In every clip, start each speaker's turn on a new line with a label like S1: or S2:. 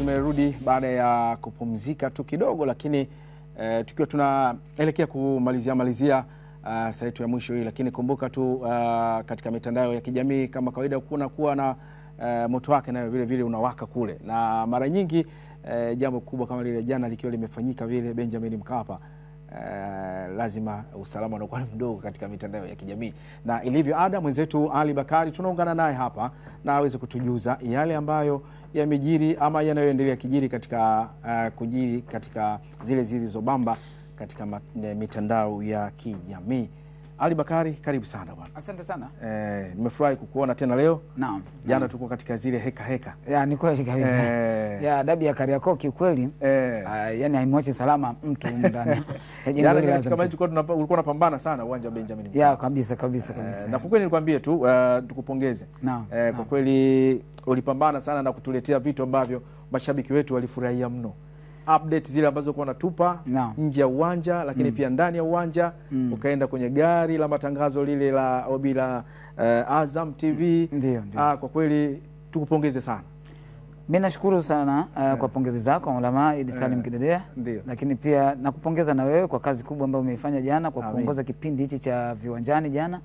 S1: tumerudi baada ya kupumzika tu kidogo, lakini eh, tukiwa tunaelekea kumalizia malizia uh, saa yetu ya mwisho hii, lakini kumbuka tu uh, katika mitandao ya kijamii kama kawaida kuna kuwa na uh, moto wake nayo vile vile unawaka kule, na mara nyingi uh, jambo kubwa kama lile jana likiwa limefanyika vile Benjamin Mkapa Uh, lazima usalama unakuwa mdogo katika mitandao ya kijamii na ilivyo ada, mwenzetu Ali Bakari tunaungana naye hapa na aweze kutujuza yale ambayo yamejiri ama yanayoendelea kijiri katika uh, kujiri katika zile zilizobamba katika eh, mitandao ya kijamii. Ali Bakari, karibu sana bwana. Asante sana. Eh, nimefurahi kukuona tena leo. Naam. Jana tulikuwa katika zile heka heka.
S2: Ya ni kweli kabisa. Eh. Ya dabi ya Kariakoo kiukweli. Eh. Uh, yani haimwachi salama mtu ndani.
S1: Jana kama mechi tulikuwa ulikuwa unapambana sana uwanja wa Benjamin Mkapa.
S2: Ya kabisa kabisa eh, kabisa. Eh,
S1: na kwa kweli nilikwambie tu uh, tukupongeze. Naam. Eh, kwa kweli ulipambana sana na kutuletea vitu ambavyo mashabiki wetu walifurahia mno update zile ambazo kuwa natupa no. nje ya uwanja lakini mm. pia ndani ya uwanja mm. ukaenda kwenye gari la matangazo lile la obi la uh, Azam TV. Ndiyo, ndiyo. Aa, ah, kwa kweli tukupongeze sana
S2: Mi nashukuru sana uh, eh, yeah. kwa pongezi zako Maulama Idi Salim yeah. Kidedea Dio. Lakini pia nakupongeza na wewe kwa kazi kubwa ambayo umeifanya jana kwa kuongoza kipindi hichi cha viwanjani jana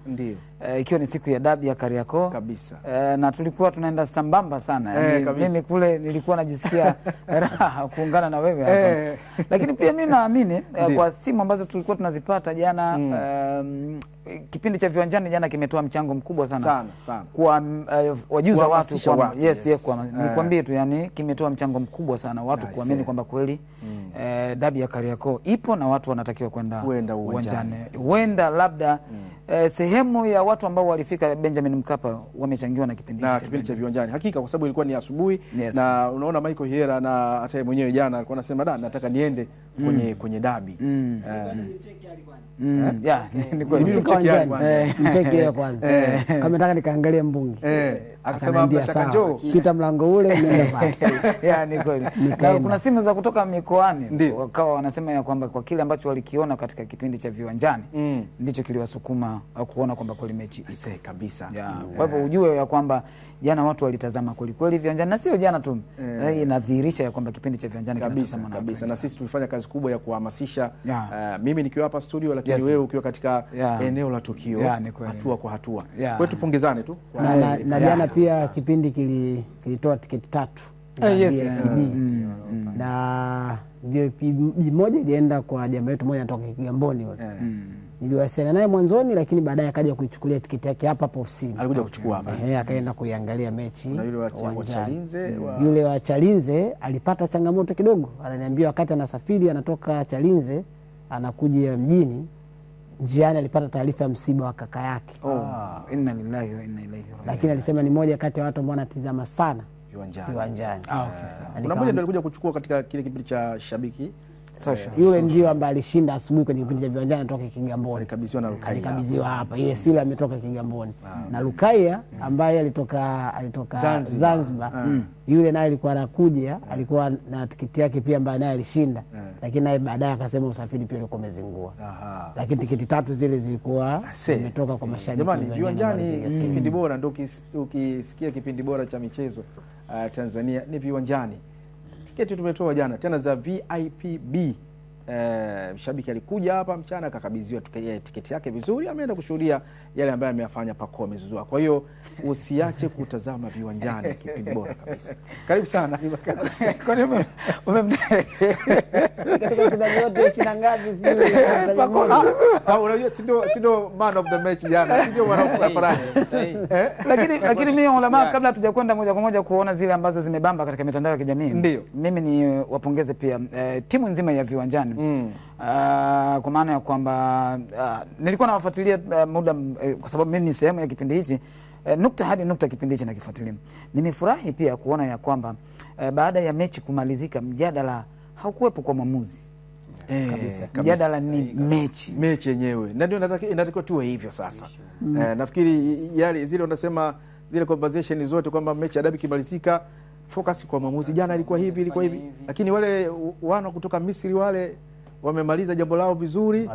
S2: uh, ikiwa ni siku ya dabi ya Kariakoo kabisa. Uh, na tulikuwa tunaenda sambamba sana yeah, yani, mimi kule nilikuwa najisikia raha kuungana na wewe hapa lakini pia mi naamini uh, kwa simu ambazo tulikuwa tunazipata jana mm. um, kipindi cha viwanjani jana kimetoa mchango mkubwa sana, sana, sana. kwa uh, wajuza watu kwa, watu, yes, yes. Yes, kwa, nikwambie tu yani kimetoa mchango mkubwa sana watu kuamini kwamba kweli mm. eh, dabi ya Kariakoo ipo na watu wanatakiwa kwenda
S1: uwanjani,
S2: huenda labda mm eh, sehemu ya watu ambao walifika Benjamin Mkapa wamechangiwa na kipindi
S1: na kipindi cha viwanjani hakika, kwa sababu ilikuwa ni asubuhi yes. na unaona Michael Hiera na hata mwenyewe jana alikuwa anasema da, nataka niende kwenye mm. kwenye dabi
S3: mm. Eh. Mm. Eh?
S2: kwanza eh, kama nataka nikaangalia mbungi akasema pita mlango ule nenda pale. kweli kuna simu za kutoka mikoani wakawa wanasema ya kwamba kwa kile ambacho walikiona katika kipindi cha viwanjani mm. ndicho kiliwasukuma kuona kuona kwamba kweli mechi
S1: ipo kabisa
S2: yeah. Yeah. Kwa hivyo ujue ya kwamba jana watu walitazama kwelikweli viwanjani na sio jana tu yeah. Sasa hii inadhihirisha ya kwamba kipindi cha viwanjani
S1: kinatazama na kabisa, na sisi tumefanya kazi kubwa ya kuhamasisha yeah. Uh, mimi nikiwa hapa studio lakini yes. Wewe ukiwa katika yeah. eneo la tukio yeah, hatua kwa hatua yeah. Kwetu tupongezane tu
S2: na, na, na jana pia kipindi kilitoa tiketi tatu na, eh, yes, yeah. Mm mm, mm. mm, mm, na VIP moja ilienda kwa jambo yetu moja natoka Kigamboni eh. mm niliwasiliana naye mwanzoni, lakini baadaye akaja kuichukulia tiketi yake hapa hapa ofisini,
S1: alikuja kuchukua hapa
S2: ehe, akaenda kuiangalia mechi
S1: uwanjani. Mm.
S2: Yule wa Chalinze alipata changamoto kidogo, ananiambia wakati anasafiri anatoka Chalinze anakuja mjini, njiani alipata taarifa ya msiba wa kaka yake.
S1: Oh, inna lillahi wa inna ilaihi rajiun,
S2: lakini alisema ni moja kati ya watu ambao anatizama sana viwanjani. Ah, okay, sawa.
S1: Kuna mmoja ndio alikuja kuchukua katika kile kipindi cha shabiki
S2: Eh, yule ndio ambaye alishinda asubuhi kwenye kipindi cha viwanjani, anatoka Kigamboni, alikabidhiwa hapa. Yes, mm. yule ametoka Kigamboni na lukaia mm. ambaye alitoka alitoka Zanzibar, Zanzibar. Mm. Yule naye alikuwa anakuja, alikuwa na tikiti yake pia ambaye naye alishinda, lakini naye baadaye akasema usafiri pia ulikuwa umezingua, lakini tikiti tatu zile zilikuwa zimetoka kwa mashabiki.
S1: viwanjani kipindi bora, ndio ukisikia kipindi bora cha michezo uh, Tanzania ni viwanjani tiketi tumetoa jana tena za vipb e, alikuja hapa mchana akakabidhiwa eh, tiketi yake vizuri, ameenda kushuhudia yale ambayo ameyafanya pako amezuzua. Kwa hiyo usiache kutazama Viwanjani, kipindi bora kabisa. Karibu sana ah, sindo man of the match jana,
S2: eh? lakini mimi ulama, kabla hatujakwenda moja kwa moja kuona zile ambazo zimebamba katika mitandao ya kijamii, mimi ni wapongeze pia timu nzima ya Viwanjani mm. Uh, kwa maana ya kwamba uh, nilikuwa nawafuatilia uh, muda uh, kwa sababu mimi ni sehemu ya kipindi hichi uh, nukta hadi nukta, kipindi hichi nakifuatilia. Nimefurahi pia kuona ya kwamba uh, baada ya mechi kumalizika, mjadala haukuwepo kwa mwamuzi
S1: kabisa.
S2: Mjadala ni mechi
S1: mechi yenyewe, na ndio inatakiwa tuwe hivyo sasa. mm. Eh, nafikiri yale zile unasema zile conversation zote kwamba mechi ya dabi kimalizika focus kwa mwamuzi, jana ilikuwa hivi, ilikuwa hivi, lakini wale wana kutoka Misri wale wamemaliza jambo lao vizuri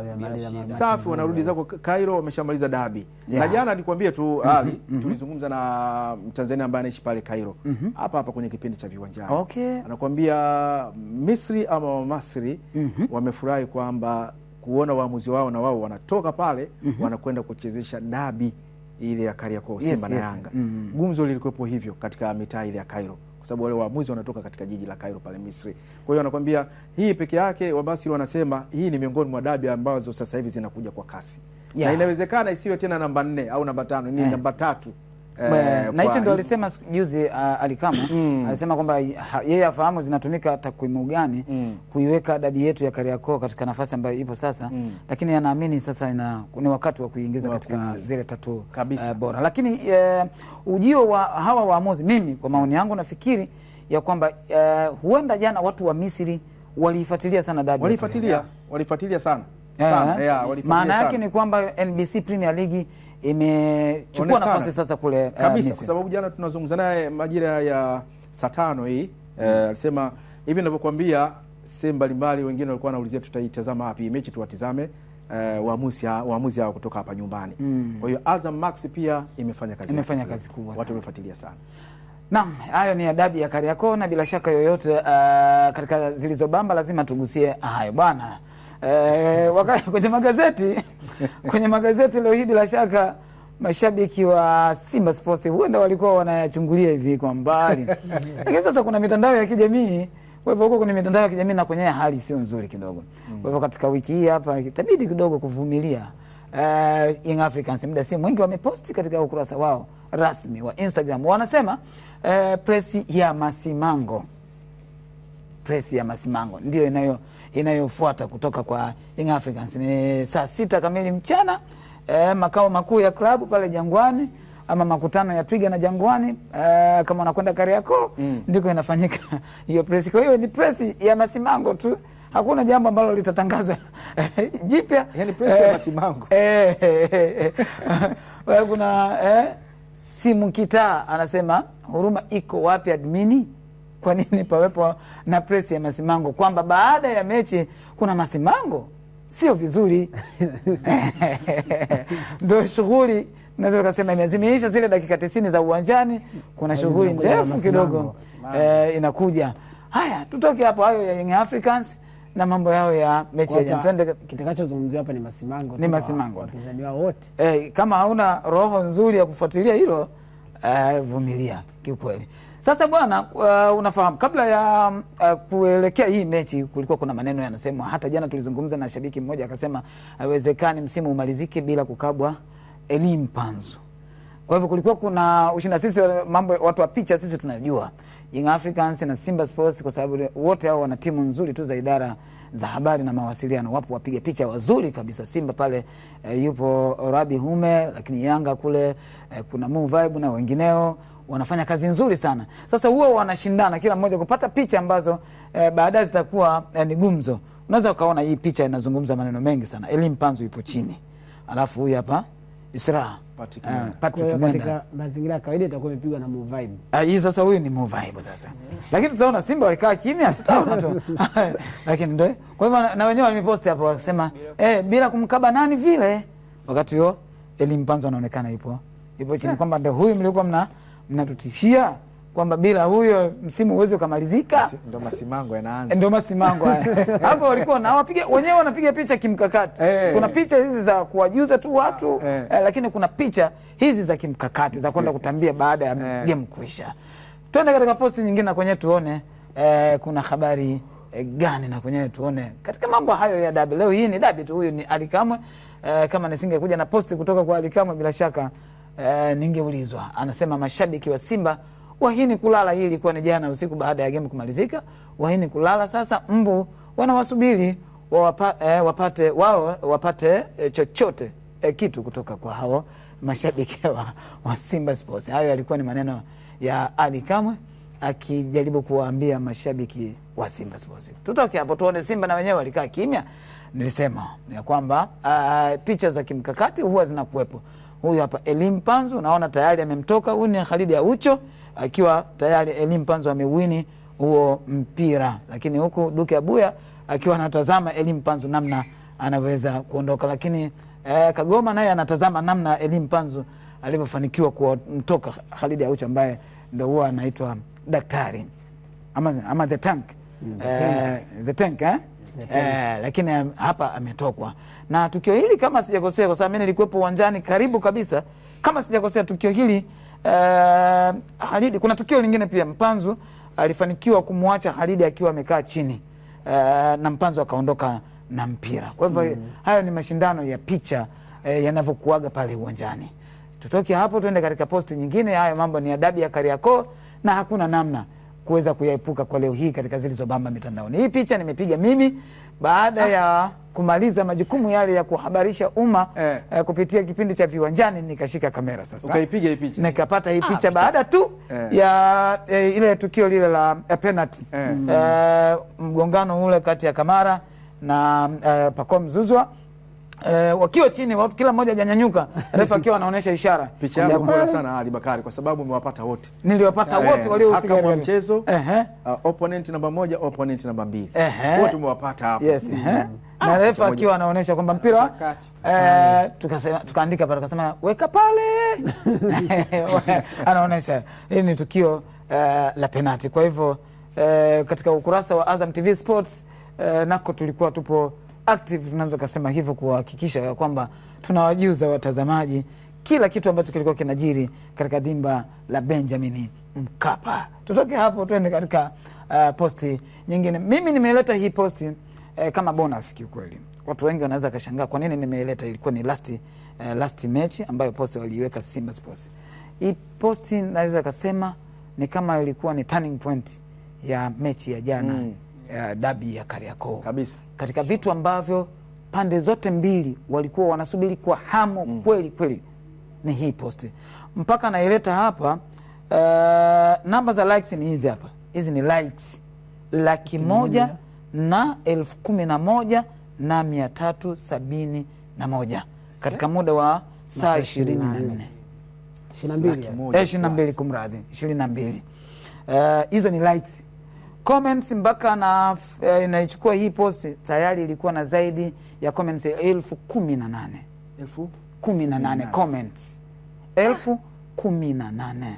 S1: safi, wanarudi zako Cairo, wameshamaliza dabi yeah. Na jana nikwambie tu mm-hmm. Ali, mm -hmm. tulizungumza na Mtanzania ambaye anaishi pale Cairo mm-hmm. hapa mm -hmm. hapa kwenye kipindi cha viwanjani okay. Anakuambia Misri ama Wamasri mm -hmm. wamefurahi kwamba kuona waamuzi wao na wao wanatoka pale mm -hmm. wanakwenda kuchezesha dabi ile ya Kariakoo, Simba yes, na Yanga yes. mm -hmm. Gumzo lilikuwepo hivyo katika mitaa ile ya Cairo kwa sababu wale waamuzi wanatoka katika jiji la Cairo pale Misri. Kwa hiyo anakwambia hii peke yake, wabasi wanasema hii ni miongoni mwa dabi ambazo sasa hivi zinakuja kwa kasi yeah. na inawezekana isiwe tena namba nne au namba tano ni yeah. namba tatu
S2: Eh, na hicho ndo alisema juzi uh, Alikama mm. alisema kwamba yeye afahamu zinatumika takwimu gani mm. kuiweka dabi yetu ya Kariakoo katika nafasi ambayo ipo sasa mm. lakini anaamini sasa ina, ni wakati wa kuiingiza katika zile tatu uh, bora, lakini uh, ujio wa hawa waamuzi, mimi kwa maoni yangu nafikiri ya kwamba uh, huenda jana watu wa Misri waliifuatilia sana dabi,
S1: walifuatilia walifuatilia sana, sana. maana
S2: yake ni kwamba NBC Premier League imechukua nafasi sasa kule uh,
S1: kabisa, kwa sababu jana tunazungumza naye majira ya saa tano hii eh, mm. alisema mm. uh, hivi ninavyokuambia sehemu mbalimbali, wengine walikuwa wanaulizia tutaitazama wapi mechi, tuwatizame eh, waamuzi uh, waamuzi hao kutoka hapa nyumbani mm. Kwa hiyo Azam Max pia imefanya kazi, imefanya kazi kubwa,
S2: watu wamefuatilia sana. Naam, hayo ni adabu ya Kariakoo na bila shaka yoyote uh, katika Zilizobamba lazima tugusie hayo bwana. Uh, wakati kwenye magazeti kwenye magazeti leo hii, bila shaka mashabiki wa Simba Sports huenda walikuwa wanayachungulia hivi kwa mbali, lakini sasa kuna mitandao ya kijamii kwa hivyo huko kwenye mitandao ya kijamii na kwenye hali sio nzuri kidogo. Kwa mm. hivyo katika wiki hii hapa itabidi kidogo kuvumilia. Uh, Young Africans muda si mwingi wameposti katika ukurasa wao rasmi wa Instagram, wanasema uh, eh, presi ya Masimango, presi ya Masimango ndio inayo inayofuata kutoka kwa Young Africans. Ni saa sita kamili mchana eh, makao makuu ya klabu pale Jangwani ama makutano ya Twiga na Jangwani eh, kama anakwenda Kariakoo mm. ndiko inafanyika hiyo presi. Kwa hiyo ni presi ya masimango tu hakuna jambo ambalo litatangazwa jipya,
S1: yani presi ya eh, masimango
S2: eh, eh, eh, eh. kuna eh, simu kitaa anasema huruma iko wapi admini kwa nini pawepo na presi ya masimango, kwamba baada ya mechi kuna masimango, sio vizuri ndo shughuli naweza ukasema imeazimisha zile dakika tisini za uwanjani. Kuna shughuli ndefu kidogo eh, inakuja. Haya, tutoke hapo, hayo ya Young Africans na mambo yao ya mechi ya
S1: jana. kitakachozungumziwa hapa ni masimango, ni masimango wapinzani wao wote.
S2: Eh, kama hauna roho nzuri ya kufuatilia hilo, eh, vumilia kiukweli. Sasa bwana, uh, unafahamu kabla ya uh, kuelekea hii mechi kulikuwa kuna maneno yanasemwa. Hata jana tulizungumza na shabiki mmoja akasema haiwezekani msimu umalizike bila kukabwa Eli Mpanzu. Kwa hivyo kulikuwa kuna ushinda, sisi mambo watu wa picha sisi tunajua Young Africans na Simba Sports, kwa sababu wote hao wana timu nzuri tu za idara za habari na mawasiliano. Wapo wapiga picha wazuri kabisa. Simba pale e, yupo Rabi Hume, lakini Yanga kule e, kuna Mu Vibe na wengineo wanafanya kazi nzuri sana. Sasa huwa wanashindana kila mmoja kupata picha ambazo eh, baadaye zitakuwa eh, ni gumzo. Unaweza ukaona hii picha inazungumza maneno mengi sana. Elimu Panzu ipo chini, alafu huyu hapa Isra
S1: Patrick eh,
S2: Mazingira ya kawaida itakuwa imepigwa na Muvibe. Ah, hii sasa huyu ni Muvibe sasa. Yeah. Lakini tutaona Simba walikaa kimya, tutaona tu. Lakini ndio. Kwa hivyo na wenyewe waliposti hapo wakasema eh, bila kumkaba nani vile. Wakati huo Elim Panzu anaonekana ipo. Ipo chini yeah, kwamba ndio huyu mlikuwa mna mnatutishia kwamba bila huyo msimu uwezi ukamalizika.
S1: Ndo masimango yanaanza,
S2: ndo masimango haya hapo. Walikuwa na wapiga wenyewe, wanapiga picha kimkakati. Hey, eh. kuna picha hizi za kuwajuza tu watu hey, eh. eh, lakini kuna picha hizi za kimkakati za kwenda eh. kutambia baada ya hey, game kuisha. Twende katika posti nyingine na kwenyewe tuone eh, kuna habari eh, gani na kwenyewe tuone katika mambo hayo ya dabi. Leo hii ni dabi tu, huyu ni Alikamwe. Eh, kama nisingekuja na posti kutoka kwa Alikamwe bila shaka Eh, ningeulizwa. Anasema mashabiki wa Simba wahini kulala. Hii ilikuwa ni jana usiku baada ya game kumalizika, wahini kulala. Sasa mbu wanawasubiri wawapa, e, wapate wao wapate e, chochote e, kitu kutoka kwa hao mashabiki wa, wa Simba Sports. Hayo yalikuwa ni maneno ya Ali Kamwe akijaribu kuwaambia mashabiki wa Simba Sports. Tutoke hapo tuone Simba na wenyewe walikaa kimya. Nilisema ya kwamba uh, picha za kimkakati huwa zinakuwepo. Huyu hapa Elim Panzu naona tayari amemtoka. Huyu ni Khalidi Aucho akiwa tayari Elim Panzu amewini huo mpira, lakini huku Duke Abuya akiwa anatazama Elim Panzu namna anaweza kuondoka, lakini eh, Kagoma naye anatazama namna Elim Panzu alivyofanikiwa kumtoka khalidi Aucho ambaye ndo huwa anaitwa daktari ama, ama the tank, mm, the tank. Eh, the tank eh? eh, lakini hapa ametokwa na tukio hili, kama sijakosea, kwa sababu mimi nilikuwepo uwanjani karibu kabisa, kama sijakosea tukio hili eh, Halidi. Kuna tukio lingine pia, Mpanzu alifanikiwa kumwacha Halidi akiwa amekaa chini eh, na Mpanzu akaondoka na mpira. Kwa hivyo mm. hayo ni mashindano ya picha eh, yanavyokuaga pale uwanjani. Tutoke hapo tuende katika posti nyingine. Hayo mambo ni adabu ya Kariakoo na hakuna namna kuweza kuyaepuka kwa leo hii katika Zilizobamba Mitandaoni. Hii picha nimepiga mimi baada ya kumaliza majukumu yale ya kuhabarisha umma eh, eh, kupitia kipindi cha Viwanjani, nikashika kamera sasa,
S1: ukaipiga hii picha,
S2: nikapata hii ah, picha baada tu eh, ya eh, ile tukio lile la eh, penalty eh, eh, mgongano ule kati ya Kamara na eh, Pacome Zouzoua E, wakiwa chini watu, kila mmoja hajanyanyuka, refa akiwa anaonyesha ishara.
S1: Picha yako bora sana Ali Bakari, kwa sababu umewapata wote,
S2: niliwapata eh, wote
S1: waliohusika katika mchezo uh -huh. Uh, opponent namba moja, opponent namba mbili uh -huh. wote umewapata hapo
S2: yes, uh -huh. Mm. na ah, refa akiwa anaonyesha kwamba mpira eh, tukasema tukaandika pale, tukasema weka pale anaonyesha hili ni tukio uh, la penati. Kwa hivyo uh, katika ukurasa wa Azam TV Sports uh, nako tulikuwa tupo active, tunaweza kusema hivyo, kuhakikisha kwamba tunawajuza watazamaji kila kitu ambacho kilikuwa kinajiri katika dimba la Benjamin Mkapa. Tutoke hapo tuende katika uh, posti nyingine. Mimi nimeleta hii posti eh, kama bonus kiukweli. Watu wengi wanaweza kashangaa kwa nini nimeileta. Ilikuwa ni last, uh, last match ambayo posti waliiweka Simba Sports. Hii posti naweza kusema ni kama ilikuwa ni turning point ya mechi ya jana mm uh, dabi ya Kariakoo kabisa, katika vitu ambavyo pande zote mbili walikuwa wanasubiri kwa hamu mm. kweli kweli ni hii posti mpaka naileta hapa. Uh, namba za likes ni hizi hapa, hizi ni likes laki moja mm. na elfu kumi na moja na mia tatu sabini na moja katika muda wa saa ishirini na nne eh, ishirini na mbili kumradhi, ishirini na mbili hizo ni likes comments mpaka na uh, eh, inaichukua hii post tayari ilikuwa na zaidi ya comments elfu kumi na nane elfu kumi na nane comments elfu kumi na nane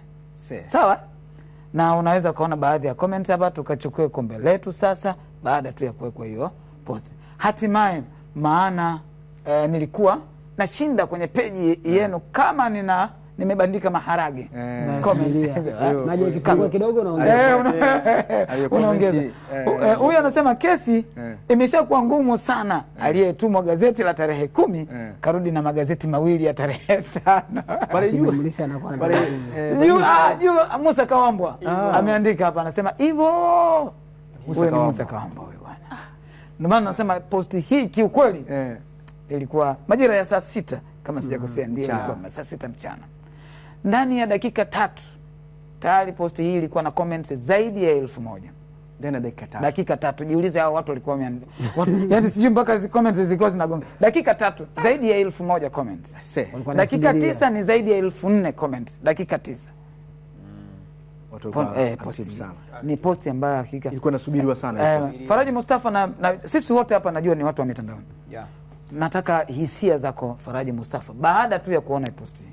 S2: sawa. Na unaweza ukaona baadhi ya comments hapa, tukachukue kombe letu sasa, baada tu ya kuwekwa hiyo post. Hatimaye maana uh, nilikuwa nashinda kwenye peji mm. yenu kama nina nimebandika maharage eh. Huyu anasema kesi eh. imeshakuwa ngumu sana. Eh. Aliyetumwa gazeti la tarehe kumi karudi na magazeti mawili ya tarehe
S1: tanomusa
S2: ah, ah, Musa Kawambwa ah. ameandika hapa, anasema hivo huyo ni Musa Kawambwa huyu bwana, ndio nasema posti hii kiukweli ilikuwa majira ya saa sita kama sijakosea, mm. ndio ilikuwa saa sita mchana ndani ya dakika tatu tayari posti hii ilikuwa na comments zaidi ya elfu moja
S1: ndani ya dakika tatu.
S2: Dakika tatu, jiulize hao watu walikuwa mia yaani, sijui mpaka hizo comments zilikuwa zinagonga. Dakika tatu zaidi ya elfu moja comments, dakika tisa ni zaidi ya elfu nne comments, dakika tisa mm. Pon, eh, posti Ni posti ambayo hakika
S1: ilikuwa inasubiriwa sana
S2: eh, posti. Faraji Mustafa na, na sisi wote hapa najua ni watu wa mitandaoni yeah. Nataka hisia zako Faraji Mustafa baada tu ya kuona posti hii.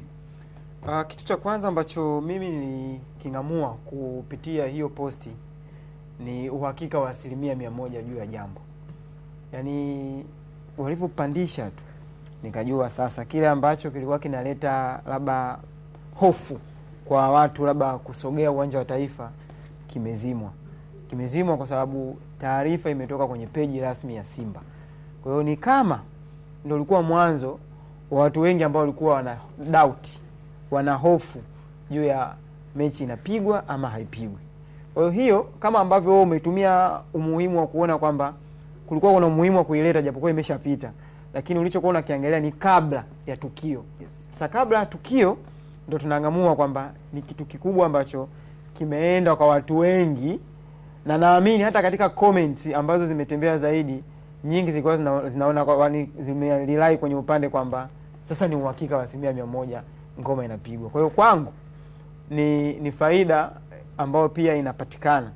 S3: Uh, kitu cha kwanza ambacho mimi niliking'amua kupitia hiyo posti ni uhakika wa asilimia mia moja juu ya jambo, yaani walivyopandisha tu nikajua sasa kile ambacho kilikuwa kinaleta labda hofu kwa watu labda kusogea uwanja wa Taifa kimezimwa, kimezimwa kwa sababu taarifa imetoka kwenye peji rasmi ya Simba. Kwa hiyo ni kama ndio ulikuwa mwanzo wa watu wengi ambao walikuwa wana doubt wana hofu juu ya mechi inapigwa ama haipigwi. Kwa hiyo kama ambavyo wewe umetumia umuhimu wa kuona kwamba kulikuwa kuna umuhimu wa kuileta japokuwa imeshapita, lakini ulichokuwa unakiangalia ni kabla ya tukio. Yes. Sasa kabla ya tukio ndo tunaangamua kwamba ni kitu kikubwa ambacho kimeenda kwa watu wengi, na naamini hata katika comments ambazo zimetembea zaidi nyingi zilikuwa zinaona zimelilai kwenye upande kwamba sasa ni uhakika wa asilimia mia moja ngoma inapigwa. Kwa hiyo kwangu ni, ni faida ambayo pia inapatikana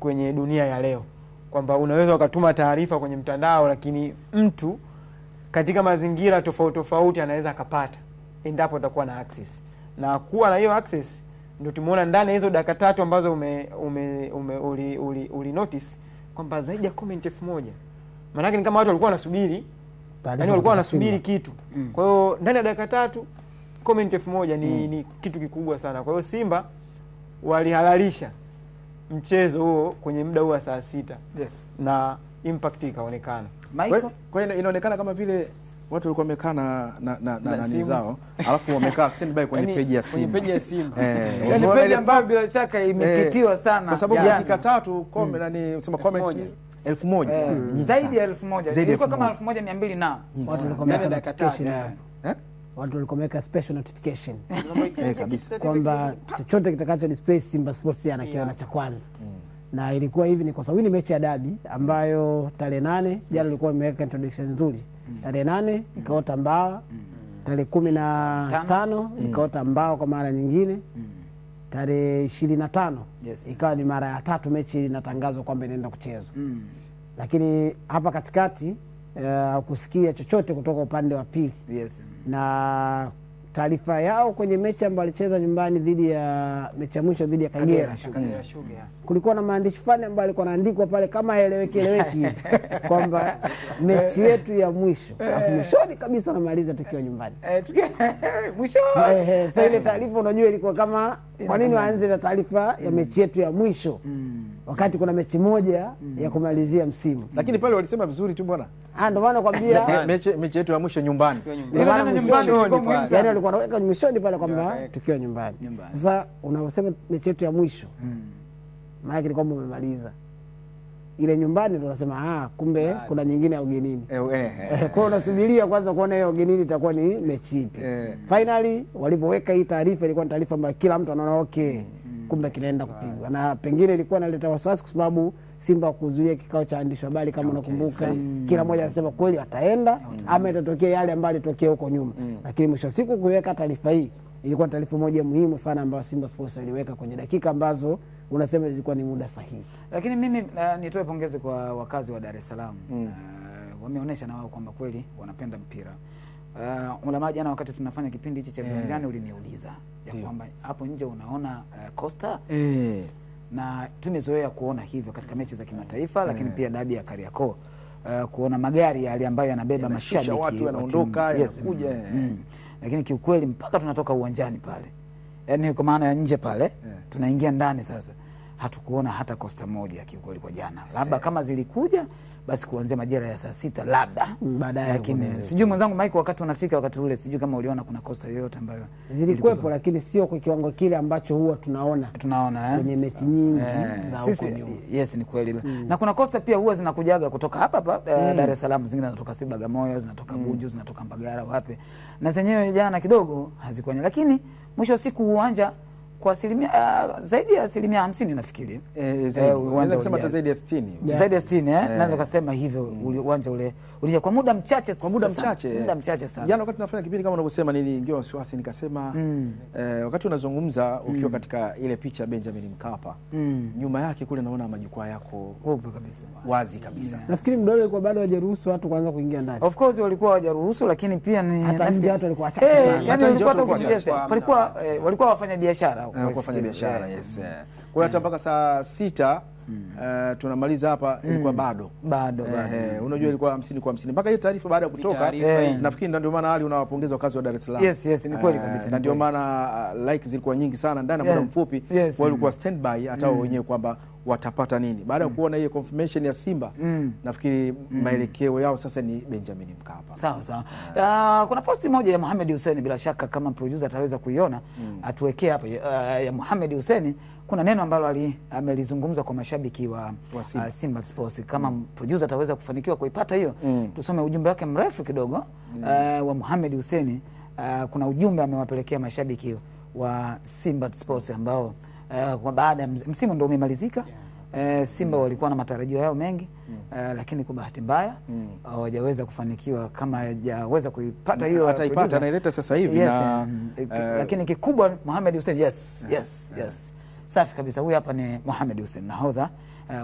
S3: kwenye dunia ya leo kwamba unaweza ukatuma taarifa kwenye mtandao, lakini mtu katika mazingira tofauti tofauti anaweza akapata endapo atakuwa na access. Na kuwa na hiyo access ndio tumeona ndani ya hizo dakika tatu ambazo ume, ume, ume, uli, uli, uli notice kwamba zaidi ya comment elfu moja maanake ni kama watu walikuwa wanasubiri, yani walikuwa wanasubiri kitu. Mm. Kwa hiyo ndani ya dakika tatu comment elfu moja ni, mm. ni kitu kikubwa sana. Kwa hiyo Simba walihalalisha mchezo huo kwenye muda huu wa saa sita yes. na impact ikaonekana.
S1: Kwa hiyo inaonekana kama vile watu walikuwa wamekaa na na na na, nani zao alafu wamekaa standby kwenye yaani peji ya Simba,
S2: kwenye eh, yaani peji ya Simba, yaani peji ambayo bila shaka imekitiwa eh, sana, kwa
S1: sababu dakika tatu comment mm. nani sema comments eh, elfu moja
S2: zaidi ya elfu moja ilikuwa kama elfu moja mia mbili na yani dakika tatu watu walikuwa wameweka special eh, notification kwamba chochote kitakacho display Simba Sports anakiona cha kwanza mm. na ilikuwa hivi ni kwa sababu ni mechi ya dabi ambayo tarehe nane jana ilikuwa imeweka introduction nzuri. Mm. Tarehe nane mm. ikaota mbawa, tarehe kumi na tano ikaota mbao kwa mara nyingine, tarehe ishirini na tano ikawa ni mara ya tatu mechi inatangazwa kwamba inaenda kuchezwa, lakini hapa katikati uh, eh, kusikia chochote kutoka upande wa pili yes. na taarifa yao kwenye mechi ambayo alicheza nyumbani dhidi ya mechi ya mwisho dhidi ya Kagera, kulikuwa na maandishi fulani ambayo alikuwa anaandikwa pale kama eleweki eleweki kwamba mechi yetu ya mwisho afu mwishoni kabisa anamaliza tukiwa nyumbani,
S1: eh,
S2: sasa ile taarifa unajua ilikuwa kama kwa nini waanze na taarifa mm. ya mechi yetu ya mwisho mm. wakati kuna mechi moja mm. ya kumalizia msimu mm.
S1: lakini pale walisema vizuri tu bwana,
S2: ah, ndio maana nakwambia
S1: mechi yetu ya mwisho nyumbani,
S2: yaani walikuwa naweka mwishoni pale kwamba tukiwa nyumbani. Sasa unaposema mechi yetu ya mwisho, mm. maanake ni kwamba umemaliza ile nyumbani, tunasema nasema ah, kumbe kuna nyingine ya ugenini.
S1: Eh, eh.
S2: Kwa hiyo unasubiria kwanza kuona hiyo ugenini itakuwa ni mechi ipi. Eh. Finally walipoweka hii taarifa, ilikuwa ni taarifa ambayo kila mtu anaona okay, mm. mm. kumbe kinaenda kupigwa, na pengine ilikuwa inaleta wasiwasi kwa sababu Simba kuzuia kikao cha waandishi habari kama okay, unakumbuka mm, kila mmoja anasema kweli wataenda mm, ama itatokea yale ambayo alitokea huko nyuma mm, lakini mwisho wa siku kuiweka taarifa hii ilikuwa taarifa moja muhimu sana ambayo Simba Sports waliweka kwenye dakika ambazo unasema zilikuwa ni muda sahihi. Lakini mimi uh, nitoe pongezi kwa wakazi wa Dar es Salaam mm. uh, eh, wameonyesha na wao kwamba kweli wanapenda mpira uh, eh, ulama jana, wakati tunafanya kipindi hichi cha viwanjani yeah. uliniuliza ya yeah. kwamba hapo nje unaona uh, Costa yeah. na tumezoea kuona hivyo katika mechi za kimataifa yeah. lakini pia dabi ya Kariakoo uh, kuona magari yale ambayo yanabeba yeah, mashabiki watu
S1: wanaondoka yanakuja yes.
S2: mm. mm. yeah lakini kiukweli mpaka tunatoka uwanjani pale, yaani kwa maana ya nje pale, yeah. tunaingia ndani sasa hatukuona hata kosta moja kiukweli kwa jana, labda kama zilikuja basi kuanzia majira ya saa sita labda baadaye, lakini sijui mwenzangu Mike, wakati unafika wakati ule, sijui kama uliona kuna kosta yoyote ambayo zilikuwepo, lakini sio kwa kiwango kile ambacho huwa tunaona tunaona eh? kwenye mechi nyingi eh, huko nyuma. Yes, ni kweli mm. na kuna kosta pia huwa zinakujaga kutoka hapa hapa eh, mm. Dar es Salaam, zingine zinatoka si Bagamoyo, zinatoka mm. Bunju, zinatoka Mbagara, wapi, na zenyewe jana kidogo hazikwanya, lakini mwisho wa siku uwanja kwa asilimia uh, zaidi ya asilimia hamsini nafikiri
S1: eh, eh, zaidi ya sitini
S2: zaidi eh? naweza kasema hivyo uwanja ule ulija kwa muda mchache kwa
S1: muda mchache
S2: muda mchache sana.
S1: Jana wakati nafanya kipindi kama unavyosema, niliingiwa wasiwasi nikasema, mm. eh, wakati unazungumza ukiwa mm. katika ile picha Benjamin Mkapa mm. nyuma yake kule naona majukwaa yako
S2: kubwa kabisa
S1: wazi kabisa yeah.
S2: Nafikiri muda ule kwa bado hajaruhusu watu kuanza kuingia ndani. Of course walikuwa hawajaruhusu, lakini pia ni
S1: hata nje watu walikuwa
S2: wachache sana, walikuwa wafanya biashara
S1: kufanya biashara yes. Mm. Kwa hiyo hata mpaka saa sita mm. uh, tunamaliza hapa mm. ilikuwa bado eh, bado, eh, unajua ilikuwa hamsini kwa hamsini mpaka hiyo taarifa baada ya kutoka eh. Nafikiri ndio maana hali unawapongeza wakazi wa Dar es Salaam.
S2: Yes, yes, ni kweli eh, kabisa, na
S1: ndio maana uh, like zilikuwa nyingi sana ndani ya muda mfupi, walikuwa standby hata mm. wenyewe kwamba watapata nini baada ya mm. kuona hiyo confirmation ya Simba mm. nafikiri mm. maelekeo yao sasa ni Benjamin Mkapa.
S2: Sawa sawa. Uh, kuna posti moja ya Mohamed Hussein, bila shaka kama producer ataweza kuiona mm. atuwekee hapa uh, ya Mohamed Hussein kuna neno ambalo amelizungumza kwa mashabiki wa, wa ah, Simba, uh, Simba Sports mm. kama mm. producer ataweza kufanikiwa kuipata hiyo mm. tusome ujumbe wake mrefu kidogo mm. uh, wa Mohamed Hussein uh, kuna ujumbe amewapelekea mashabiki wa Simba Sports ambao uh, kwa baada ya msimu ndio umemalizika yeah. uh, Simba mm. walikuwa na matarajio yao mengi mm. uh, lakini kwa bahati mbaya mm. hawajaweza mm. uh, kufanikiwa kama hajaweza kuipata hiyo
S1: ataipata anaileta sasa hivi yes, na,
S2: uh, lakini kikubwa Mohamed Hussein yes, yeah, yes, yeah. yes. Safi kabisa, huyu hapa ni Mohamed Hussein nahodha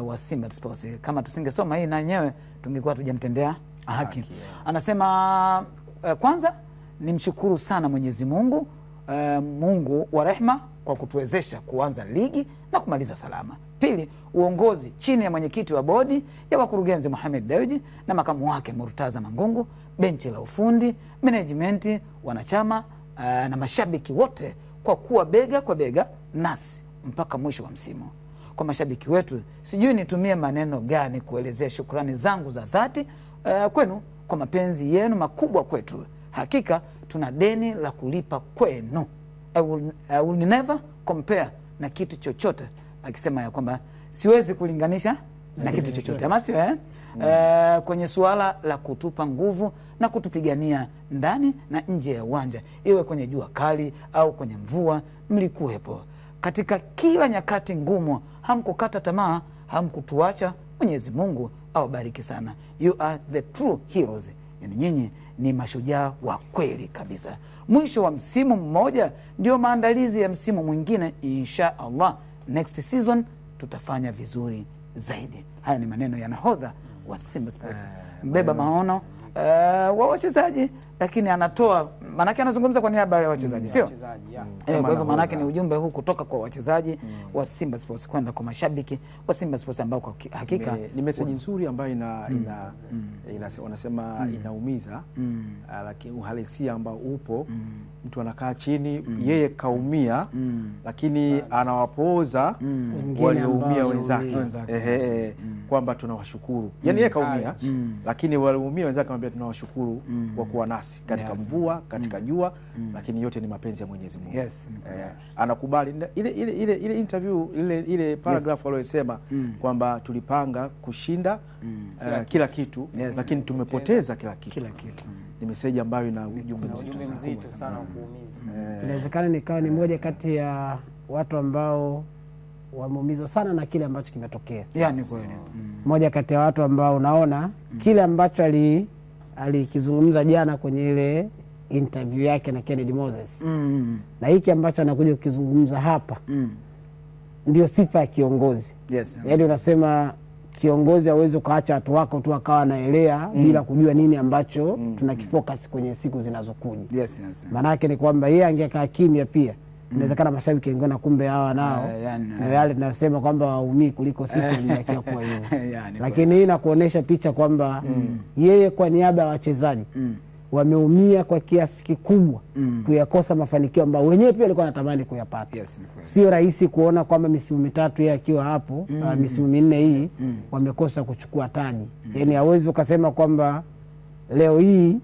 S2: uh, wa Simba Sports. Kama tusingesoma hii na yenyewe tungekuwa tujamtendea haki. Okay. Anasema uh, kwanza nimshukuru sana Mwenyezi Mungu uh, Mungu wa rehma kwa kutuwezesha kuanza ligi na kumaliza salama. Pili, uongozi chini ya mwenyekiti wa bodi ya wakurugenzi Mohamed Dewji na makamu wake Murtaza Mangungu, benchi la ufundi, menejimenti, wanachama uh, na mashabiki wote kwa kuwa bega kwa bega nasi mpaka mwisho wa msimu. Kwa mashabiki wetu, sijui nitumie maneno gani kuelezea shukrani zangu za dhati uh, kwenu kwa mapenzi yenu makubwa kwetu. Hakika tuna deni la kulipa kwenu. I will, I will never compare na kitu chochote, akisema ya kwamba siwezi kulinganisha na kitu chochote ama sio eh? Uh, kwenye suala la kutupa nguvu na kutupigania ndani na nje ya uwanja, iwe kwenye jua kali au kwenye mvua, mlikuwepo katika kila nyakati ngumu, hamkukata tamaa, hamkutuacha. Mwenyezi Mungu awabariki sana. You are the true heroes, yani nyinyi ni mashujaa wa kweli kabisa mwisho wa msimu mmoja ndio maandalizi ya msimu mwingine insha allah next season tutafanya vizuri zaidi haya ni maneno ya nahodha wa simba sports eh, mbeba maono uh, wa wachezaji lakini anatoa maanake anazungumza kwa niaba ya wachezaji, mm, sio eh? Kwa hivyo maanake ni ujumbe huu kutoka kwa wachezaji mm. wa Simba Sports kwenda kwa mashabiki wa Simba Sports ambao kwa hakika
S1: ni meseji nzuri ambayo ina mm. ina wanasema inaumiza, ah, lakini uhalisia ambao upo, mtu anakaa chini, yeye kaumia, lakini anawapooza walioumia wenzake kwamba tunawashukuru, yani yeye kaumia, lakini walioumia wenzake anambia tunawashukuru kwa kuwa nasi katika mvua katika mm. jua mm. Lakini yote ni mapenzi ya Mwenyezi Mungu yes, eh, anakubali ile, ile, ile, ile interview ile, ile paragraph yes. Aliyosema mm. kwamba tulipanga kushinda mm. uh, kila kitu yes. Lakini tumepoteza kila kitu, kila kitu. Mm. Ni meseji ambayo ina ujumbe
S2: mzito sana kuumiza. Mm. Eh. Inawezekana nikawa ni eh. moja kati ya watu ambao wameumizwa sana na kile ambacho kimetokea.
S1: Yani kweli mm.
S2: Moja kati ya watu ambao unaona mm. kile ambacho ali alikizungumza jana kwenye ile interview yake na Kennedy Moses mm. na hiki ambacho anakuja kukizungumza hapa mm. ndio sifa ya kiongozi yes. Yaani unasema kiongozi awezi ukaacha watu wako tu akawa anaelea mm. bila kujua nini ambacho mm. tunakifocus kwenye siku zinazokuja yes, yes. Maanake ni kwamba yeye angekaa kimya pia mm. inawezekana mm. mashabiki wengiona kumbe hawa nao uh, yani, no. Eh. yale tunasema kwamba waumii kuliko sisi eh. inakia kuwa hivyo yani, lakini hii inakuonyesha picha kwamba mm. yeye kwa niaba ya wachezaji mm wameumia kwa kiasi kikubwa mm. kuyakosa mafanikio ambayo wenyewe pia walikuwa wanatamani kuyapata. Yes, sio rahisi kuona kwamba misimu mitatu yeye akiwa hapo mm. uh, misimu minne hii mm. wamekosa kuchukua taji mm. yaani hawezi ukasema kwamba leo hii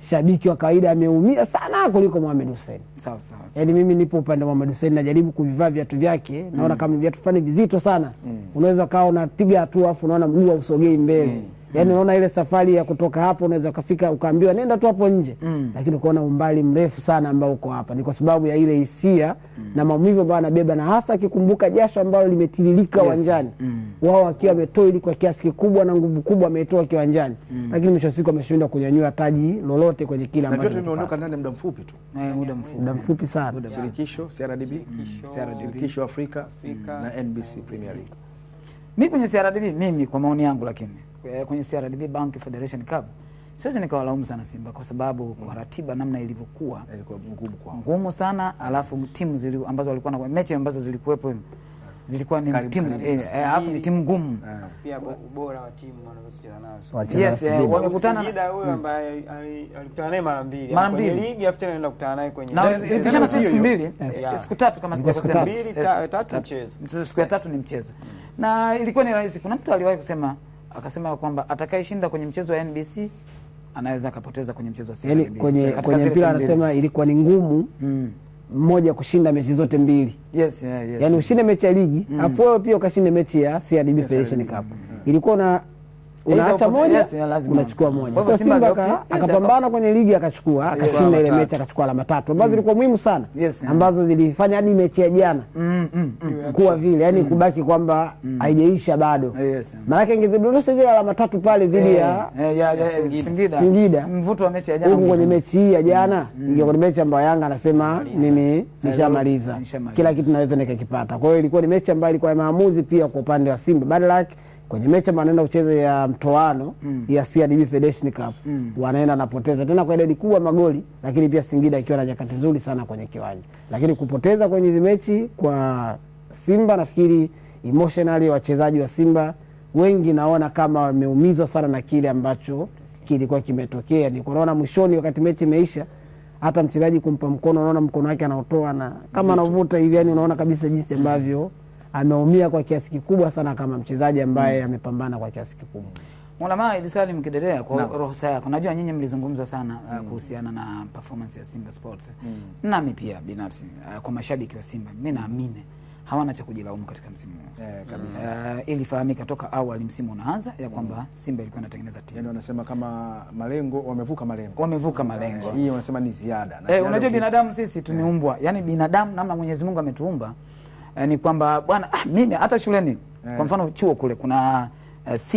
S2: shabiki wa kawaida ameumia sana kuliko Mohamed Hussein. Sawa sawa. Yaani mimi nipo upande wa Mohamed Hussein najaribu kuvivaa viatu vyake mm. naona kama viatu fulani vizito sana mm. unaweza ukawa unapiga hatua afu unaona mguu hausogei mbele mm yani unaona ile safari ya kutoka hapo unaweza ukafika ukaambiwa nenda tu hapo nje mm. lakini ukaona umbali mrefu sana ambao uko hapa ni kwa sababu ya ile hisia mm. na maumivu ambayo anabeba na hasa akikumbuka jasho ambalo limetililika uwanjani yes. mm. wao wakiwa ametoa ili kwa kiasi kikubwa na nguvu kubwa ametoa kiwanjani mm. lakini mwisho siku ameshindwa kunyanyua taji lolote kwenye kila
S1: ambacho tumeondoka ndani muda mfupi tu eh, muda mfupi sana shirikisho CRDB shirikisho Afrika na NBC Premier League
S2: mimi kwenye CRDB mimi kwa maoni yangu lakini Eh, kwenye CRDB Bank Federation Cup, siwezi nikawalaumu sana Simba kwa sababu mm. kwa ratiba namna ilivyokuwa ngumu kwa ngumu sana, alafu timu zili, ambazo walikuwa na mechi ambazo zilikuwepo zilikuwa ni Karibu timu eh, eh, alafu ni timu ngumu eh.
S1: pia, ubora wa timu
S2: wanazocheza nazo. Yes,
S1: wamekutana na huyo mm. ambaye alikutana naye mara mbili mara mbili ligi, afu tena anaenda kukutana naye kwenye
S2: na ilipishana siku mbili siku tatu kama sikosema,
S1: mbili tatu mchezo,
S2: siku ya tatu ni mchezo, na ilikuwa ni rahisi. Kuna mtu aliwahi kusema akasema kwamba atakayeshinda kwenye mchezo wa NBC anaweza akapoteza kwenye mchezo wa CRDB. Yani, kwenye, kwenye mpira anasema ilikuwa ni ngumu mm. mmoja kushinda mechi zote mbili
S1: yes, yeah, yes.
S2: Yani ushinde mechi ya ligi mm. afu wewe pia ukashinde mechi ya CRDB Federation Cup mm. ilikuwa na unaacha moja unachukua moja. Kwa Simba akapambana kwenye ligi akachukua, akashinda ile mechi akachukua alama tatu ambazo mm. zilikuwa muhimu sana, ambazo zilifanya hadi mechi ya jana mm, mm, kuwa vile, yani kubaki kwamba haijaisha bado, maanake ingezidondosha zile alama tatu pale dhidi ya
S1: eh, eh,
S2: Singida huku kwenye mechi hii ya jana, ingekuwa ni mechi ambayo Yanga anasema mimi nishamaliza kila kitu, naweza nikakipata. Kwa hiyo ilikuwa ni mechi ambayo ilikuwa ya maamuzi pia kwa upande wa Simba badala yake kwenye mechi ambayo anaenda kucheza ya mtoano mm. ya CRDB Federation Cup mm. wanaenda anapoteza tena kwa idadi kubwa magoli, lakini pia Singida ikiwa na nyakati nzuri sana kwenye kiwanja, lakini kupoteza kwenye hizi mechi kwa Simba nafikiri emotionally wachezaji wa Simba wengi naona kama wameumizwa sana na kile ambacho kilikuwa kimetokea. Ni naona mwishoni, wakati mechi imeisha, hata mchezaji kumpa mkono, unaona mkono wake anaotoa na kama anavuta hivi, yani unaona kabisa jinsi ambavyo mm ameumia kwa kiasi kikubwa sana kama mchezaji ambaye mm. amepambana kwa kiasi kikubwa. Mwalamaa Idi Salim Kidelea, kwa no. ruhusa yako, najua nyinyi mlizungumza sana uh, mm. uh, kuhusiana na performance ya Simba Sports mm. nami pia binafsi uh, kwa mashabiki wa Simba mi naamini hawana cha kujilaumu katika msimu huu yeah, Uh, ilifahamika toka awali msimu unaanza ya kwamba mm. Simba ilikuwa inatengeneza timu.
S1: yani, wanasema kama malengo wamevuka malengo.
S2: Wamevuka malengo. Hii
S1: wanasema ni ziada.
S2: Eh, unajua binadamu sisi tumeumbwa. Yeah. Yani binadamu namna Mwenyezi Mungu ametuumba Eh, ni kwamba bwana ah, mimi hata shuleni eh. Kwa mfano chuo kule kuna uh, C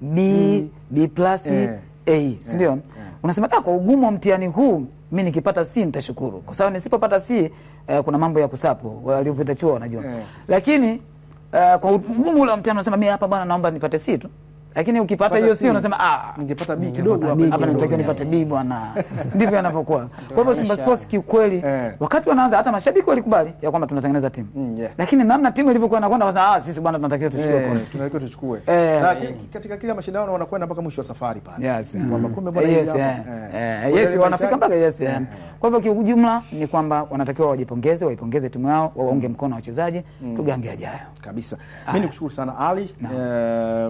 S2: B mm. B plus eh. A si ndio? eh. unasema eh. Unasema ah, kwa ugumu wa mtihani huu mi nikipata C nitashukuru, kwa sababu nisipopata C eh, kuna mambo ya kusapo waliopita chuo wanajua eh. Lakini eh, kwa ugumu ule wa mtihani unasema mi hapa bwana, naomba nipate C tu lakini ukipata hiyo sio unasema ah,
S1: ningepata B kidogo
S2: hapa, nitakiwa nipate B bwana. Ndivyo yanavyokuwa. Kwa hivyo Simba Sports kiukweli, eh. wakati wanaanza hata mashabiki walikubali ya kwamba tunatengeneza timu, mm, yeah. lakini namna timu ilivyokuwa inakwenda sasa, ah, sisi bwana tunatakiwa tuchukue, eh,
S1: tunatakiwa tuchukue.
S2: eh,
S1: Katika kila mashindano wanakwenda mpaka mwisho wa safari pale,
S2: yes, mm. kwamba kumbe bwana, yes, yeah. Yeah. Yeah. yes, wanafika mpaka yes. yeah. Kwa hivyo kiujumla ni kwamba wanatakiwa wajipongeze, waipongeze timu yao, waunge mkono wachezaji, mm. tugange ajayo
S1: kabisa. Mimi nikushukuru sana Ali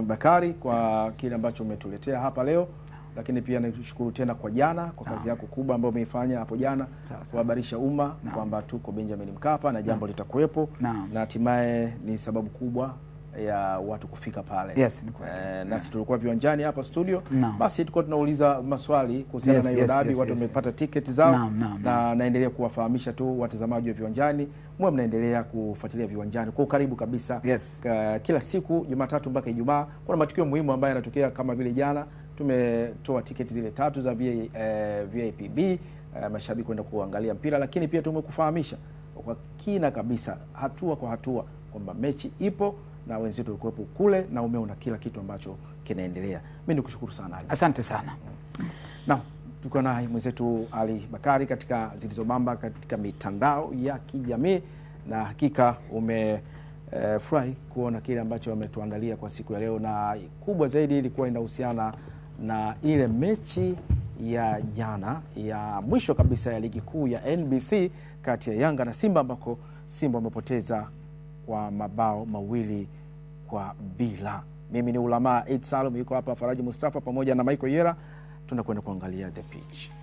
S1: Bakari kwa kwa kile ambacho umetuletea hapa leo, lakini pia nashukuru tena kwa jana kwa kazi yako kubwa ambayo umeifanya hapo jana kuhabarisha umma kwamba tuko Benjamin Mkapa na jambo litakuwepo na hatimaye ni sababu kubwa ya watu kufika pale. Yes, eh, nasi tulikuwa viwanjani hapa studio no. Basi tulikuwa tunauliza maswali kuhusiana yes, na hiyo dabi yes, watu wamepata yes, yes. tiketi zao no, no, no. Na naendelea kuwafahamisha tu watazamaji wa viwanjani mwe mnaendelea kufuatilia viwanjani kwa ukaribu kabisa yes. Eh, kila siku Jumatatu mpaka Ijumaa kuna matukio muhimu ambayo yanatokea kama vile jana tumetoa tiketi zile tatu za VA, eh, VIPB eh, mashabiki kwenda kuangalia mpira, lakini pia tumekufahamisha kwa kina kabisa hatua kwa hatua kwamba mechi ipo na wenzetu walikuwepo kule na umeona kila kitu ambacho kinaendelea. Mimi nikushukuru sana Ali.
S2: Asante sana.
S1: na tulikuwa naye mwenzetu Ali Bakari katika Zilizobamba katika mitandao ya kijamii na hakika ume e, kuona kile ambacho wametuandalia kwa siku ya leo, na kubwa zaidi ilikuwa inahusiana na ile mechi ya jana ya mwisho kabisa ya ligi kuu ya NBC kati ya Yanga na Simba ambako Simba wamepoteza kwa mabao mawili kwa bila. Mimi ni Ulamaa Eid Salum, yuko hapa Faraji Mustafa pamoja na Michael Yera, tunakwenda kuangalia the pitch.